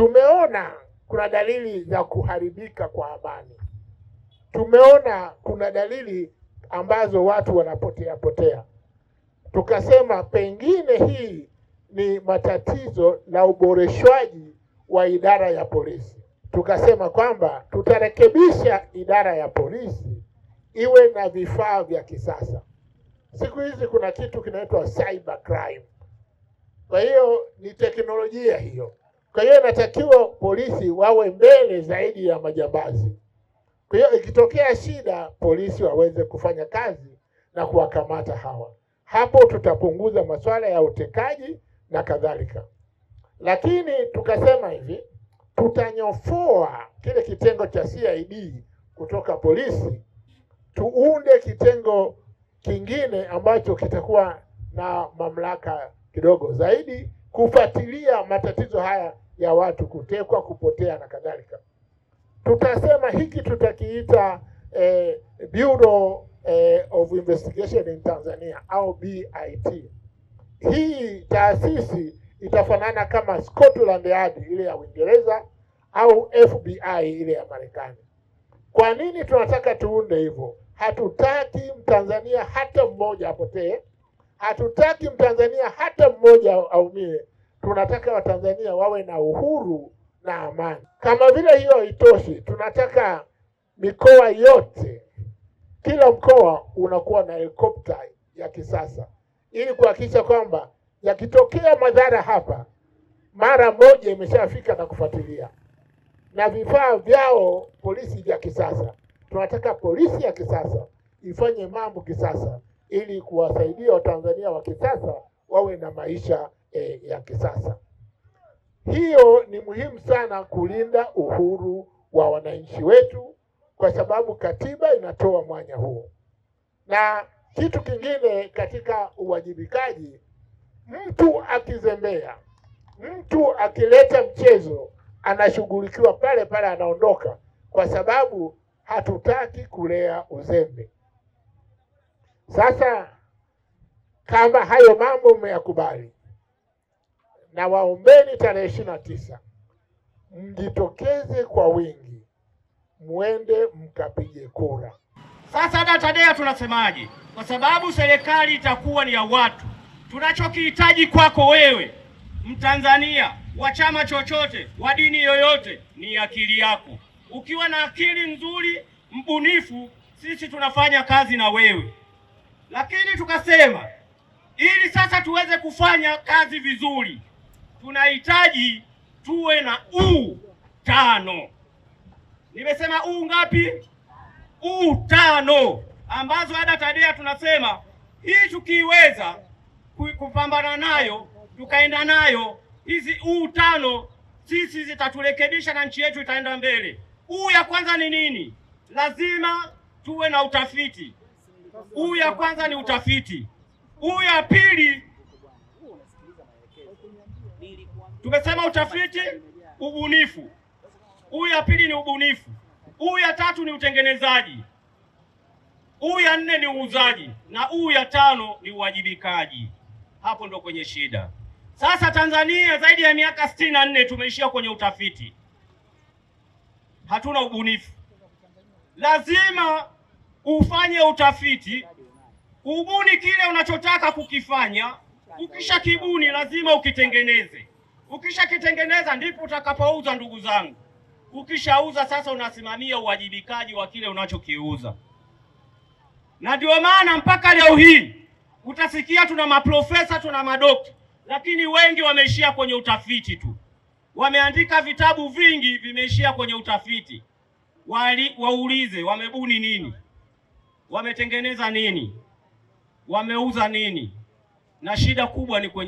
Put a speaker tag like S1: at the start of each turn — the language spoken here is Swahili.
S1: Tumeona kuna dalili za kuharibika kwa amani, tumeona kuna dalili ambazo watu wanapotea potea, tukasema pengine hii ni matatizo na uboreshwaji wa idara ya polisi. Tukasema kwamba tutarekebisha idara ya polisi iwe na vifaa vya kisasa. Siku hizi kuna kitu kinaitwa cyber crime, kwa hiyo ni teknolojia hiyo kwa hiyo inatakiwa polisi wawe mbele zaidi ya majambazi. Kwa hiyo ikitokea shida, polisi waweze kufanya kazi na kuwakamata hawa, hapo tutapunguza masuala ya utekaji na kadhalika. Lakini tukasema hivi, tutanyofoa kile kitengo cha CID kutoka polisi, tuunde kitengo kingine ambacho kitakuwa na mamlaka kidogo zaidi kufuatilia matatizo haya ya watu kutekwa, kupotea na kadhalika. Tutasema hiki tutakiita eh, Bureau eh, of Investigation in Tanzania au BIT. Hii taasisi itafanana kama Scotland Yard ile ya Uingereza au FBI ile ya Marekani. Kwa nini tunataka tuunde hivyo? Hatutaki Mtanzania hata mmoja apotee, Hatutaki mtanzania hata mmoja aumie, tunataka watanzania wawe na uhuru na amani. Kama vile hiyo haitoshi, tunataka mikoa yote, kila mkoa unakuwa na helikopta ya kisasa ili kuhakikisha kwamba yakitokea madhara hapa, mara moja imeshafika na kufuatilia, na vifaa vyao polisi vya kisasa. Tunataka polisi ya kisasa ifanye mambo kisasa ili kuwasaidia Watanzania wa kisasa wawe na maisha e, ya kisasa. Hiyo ni muhimu sana kulinda uhuru wa wananchi wetu, kwa sababu katiba inatoa mwanya huo. Na kitu kingine katika uwajibikaji, mtu akizembea, mtu akileta mchezo, anashughulikiwa pale pale, anaondoka, kwa sababu hatutaki kulea uzembe. Sasa kama hayo mambo mmeyakubali, na waombeni tarehe ishirini na tisa mjitokeze kwa wingi, mwende mkapige kura.
S2: Sasa TADEA tunasemaje? Kwa sababu serikali itakuwa ni ya watu, tunachokihitaji kwako wewe Mtanzania wa chama chochote wa dini yoyote ni akili yako. Ukiwa na akili nzuri, mbunifu, sisi tunafanya kazi na wewe. Lakini tukasema ili sasa tuweze kufanya kazi vizuri, tunahitaji tuwe na u tano. Nimesema u ngapi? U tano ambazo ada TADEA tunasema hii tukiweza kupambana nayo tukaenda nayo hizi u tano sisi zitaturekebisha na nchi yetu itaenda mbele. U ya kwanza ni nini? Lazima tuwe na utafiti huu ya kwanza ni utafiti, huu ya pili tumesema utafiti, ubunifu. Huu ya pili ni ubunifu, huu ya tatu ni utengenezaji, huu ya nne ni uuzaji, na huu ya tano ni uwajibikaji. Hapo ndo kwenye shida. Sasa Tanzania zaidi ya miaka sitini na nne tumeishia kwenye utafiti, hatuna ubunifu. Lazima ufanye utafiti, ubuni kile unachotaka kukifanya. Ukisha kibuni lazima ukitengeneze. Ukishakitengeneza ndipo utakapouza, ndugu zangu. Ukishauza sasa, unasimamia uwajibikaji wa kile unachokiuza, na ndio maana mpaka leo hii utasikia tuna maprofesa tuna madokta, lakini wengi wameishia kwenye utafiti tu. Wameandika vitabu vingi, vimeishia kwenye utafiti. Wali, waulize wamebuni nini? wametengeneza nini, wameuza nini, na shida kubwa ni kwenye